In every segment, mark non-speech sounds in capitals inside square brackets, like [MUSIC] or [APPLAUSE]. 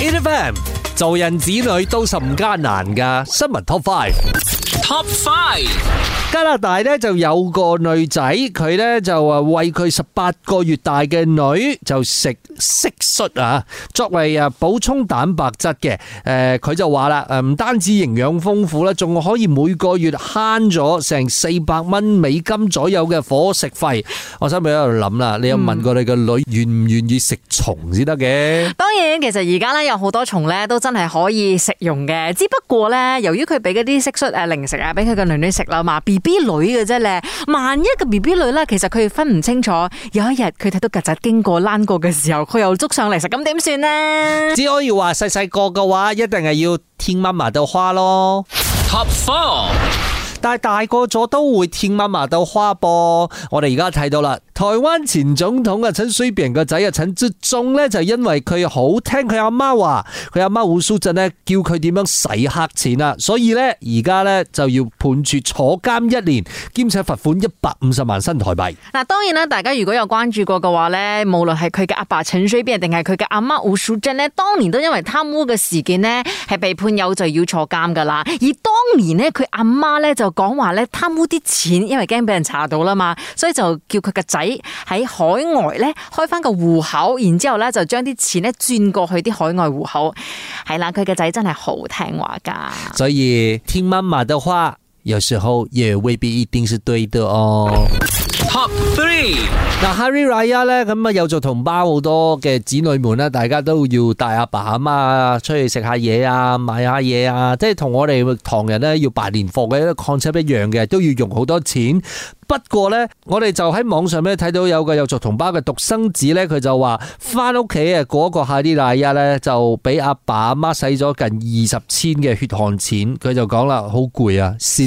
in the fam，做人子女都甚艱難噶。新聞 Top Five，Top Five，加拿大咧就有個女仔，佢咧就啊，餵佢十八個月大嘅女就食蟋蟀啊，作為啊補充蛋白質嘅。誒，佢就話啦，誒唔單止營養豐富啦，仲可以每個月慳咗成四百蚊美金左右嘅伙食費。我心裏喺度諗啦，你有問過你個女願唔願意食蟲先得嘅？其實而家咧有好多蟲咧都真係可以食用嘅，只不過咧由於佢俾嗰啲蟋蟀誒零食啊俾佢個女女食啦嘛，B B 女嘅啫咧，萬一個 B B 女啦，其實佢分唔清楚，有一日佢睇到曱甴經過躝過嘅時候，佢又捉上嚟食，咁點算呢？只可以話細細個嘅話，一定係要聽媽媽的話咯。Top four，但係大個咗都會聽媽媽嘅話噃。我哋而家睇到啦。台灣前總統嘅陳水扁個仔啊陳志忠咧就因為佢好聽佢阿媽話，佢阿媽胡淑珍咧叫佢點樣洗黑錢啊，所以呢，而家咧就要判處坐監一年，兼且罰款一百五十萬新台幣。嗱，當然啦，大家如果有關注過嘅話呢，無論係佢嘅阿爸陳水扁定係佢嘅阿媽胡淑珍呢，當年都因為貪污嘅事件呢，係被判有罪要坐監噶啦。而當年呢，佢阿媽呢就講話呢，貪污啲錢，因為驚俾人查到啦嘛，所以就叫佢個仔。喺海外咧開返個戶口，然之後咧就將啲錢咧轉過去啲海外戶口，係啦，佢嘅仔真係好聽話噶。所以聽媽媽的話。有時候也未必一定是對的哦。Top three，嗱，Hari Raya 咧，咁啊友族同胞好多嘅子女們啦，大家都要帶阿爸阿媽出去食下嘢啊，買下嘢啊，即係同我哋唐人呢，要拜年賀嘅 concert 一樣嘅，都要用好多錢。不過呢，我哋就喺網上邊睇到有個友族同胞嘅獨生子呢，佢就話翻屋企啊嗰個 Hari Raya 咧，就俾阿爸阿媽使咗近二十千嘅血汗錢，佢就講啦，好攰啊，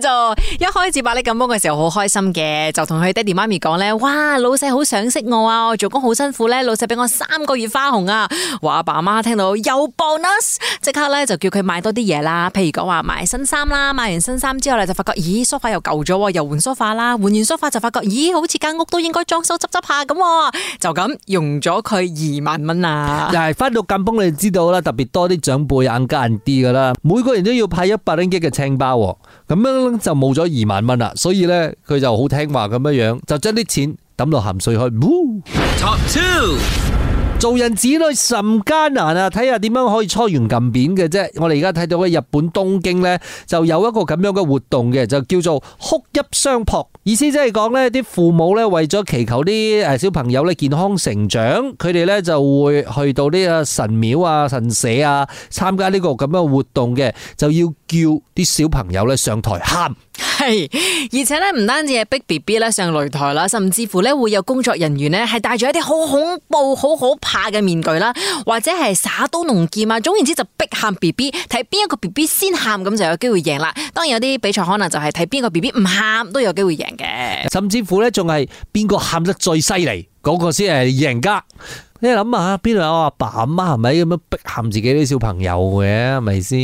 就 [MUSIC] 一開始百力金崩嘅時候好開心嘅，就同佢爹哋媽咪講咧，哇老細好賞識我啊，做工好辛苦咧、啊，老細俾我三個月花紅啊，話阿爸阿媽聽到有 bonus，即刻咧就叫佢買多啲嘢啦，譬如講話買新衫啦，買完新衫之後咧就發覺，咦梳化又舊咗喎，又換梳化啦，換完梳化就發覺，咦好似間屋都應該裝修執執下咁，就咁用咗佢二萬蚊啊，又係翻到金崩，你知道啦，特別多啲長輩眼家人啲噶啦，每個人都要派一百零幾嘅青包喎，咁樣。就冇咗二萬蚊啦，所以呢，佢就好聽話咁樣樣，就將啲錢抌落鹹水去。嗚，Top two。做人子女甚艱難啊！睇下點樣可以搓完琴邊嘅啫。我哋而家睇到嘅日本東京呢，就有一個咁樣嘅活動嘅，就叫做哭泣相撲。意思即係講呢啲父母呢，為咗祈求啲誒小朋友呢健康成長，佢哋呢就會去到啲啊神廟啊神社啊參加呢個咁樣嘅活動嘅，就要叫啲小朋友呢上台喊。而且咧唔單止係逼 B B 咧上擂台啦，甚至乎咧會有工作人員咧係戴住一啲好恐怖、好可怕嘅面具啦，或者係耍刀弄劍啊，總言之就逼喊 B B 睇邊一個 B B 先喊，咁就有機會贏啦。當然有啲比賽可能就係睇邊個 B B 唔喊都有機會贏嘅，甚至乎咧仲係邊個喊得最犀利嗰個先係贏家。你諗下，邊度有阿爸阿媽係咪咁樣逼喊自己啲小朋友嘅？係咪先？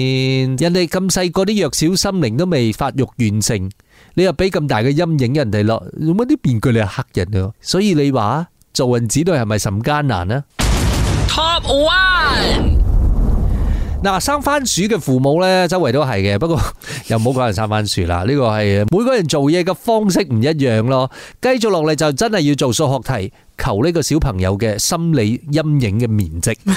人哋咁細個啲弱小心靈都未發育完成，你又俾咁大嘅陰影人哋咯？用乜啲面具？你係黑人呀？所以你話做人子女係咪甚艱難呢？Top one，嗱，生番薯嘅父母呢，周圍都係嘅。不過又唔好講人生番薯啦。呢個係每個人做嘢嘅方式唔一樣咯。繼續落嚟就真係要做數學題。求呢個小朋友嘅心理陰影嘅面積， [LAUGHS] 因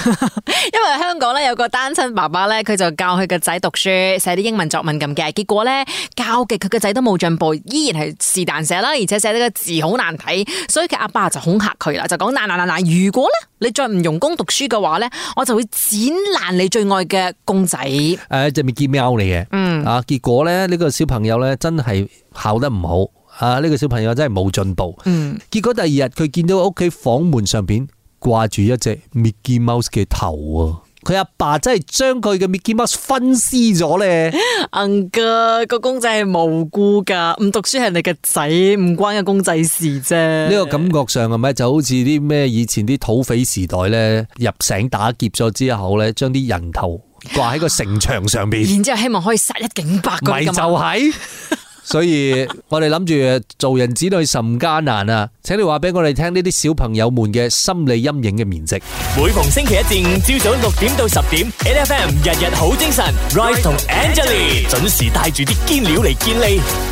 為香港咧有個單親爸爸咧，佢就教佢個仔讀書，寫啲英文作文咁嘅，結果咧教極佢個仔都冇進步，依然係是但寫啦，而且寫呢個字好難睇，所以佢阿爸，爸就恐嚇佢啦，就講，嗱嗱嗱嗱，如果咧你再唔用功讀書嘅話咧，我就會剪爛你最愛嘅公仔，誒，就咪見貓嚟嘅，嗯，啊，結果咧呢個小朋友咧真係考得唔好。啊！呢、呢個小朋友真係冇進步，嗯、結果第二日佢見到屋企房門上邊掛住一隻 Mickey Mouse 嘅頭啊！佢阿、嗯、爸爸真係將佢嘅 Mickey Mouse 分屍咗咧！唔該、嗯，個公仔係無辜噶，唔讀書係你嘅仔，唔關個公仔事啫。呢個感覺上係咪就好似啲咩以前啲土匪時代咧入城打劫咗之後咧，將啲人頭掛喺個城牆上邊、啊，然之後希望可以殺一儆百咁樣，咪就係、是。 [LAUGHS] 所以我哋諗住做人子女甚艱難啊，請你話俾我哋聽呢啲小朋友們嘅心理陰影嘅面積。每逢星期一至五朝早六點到十點，N F M 日日好精神，Rice 同 Angelie 準時帶住啲堅料嚟建立。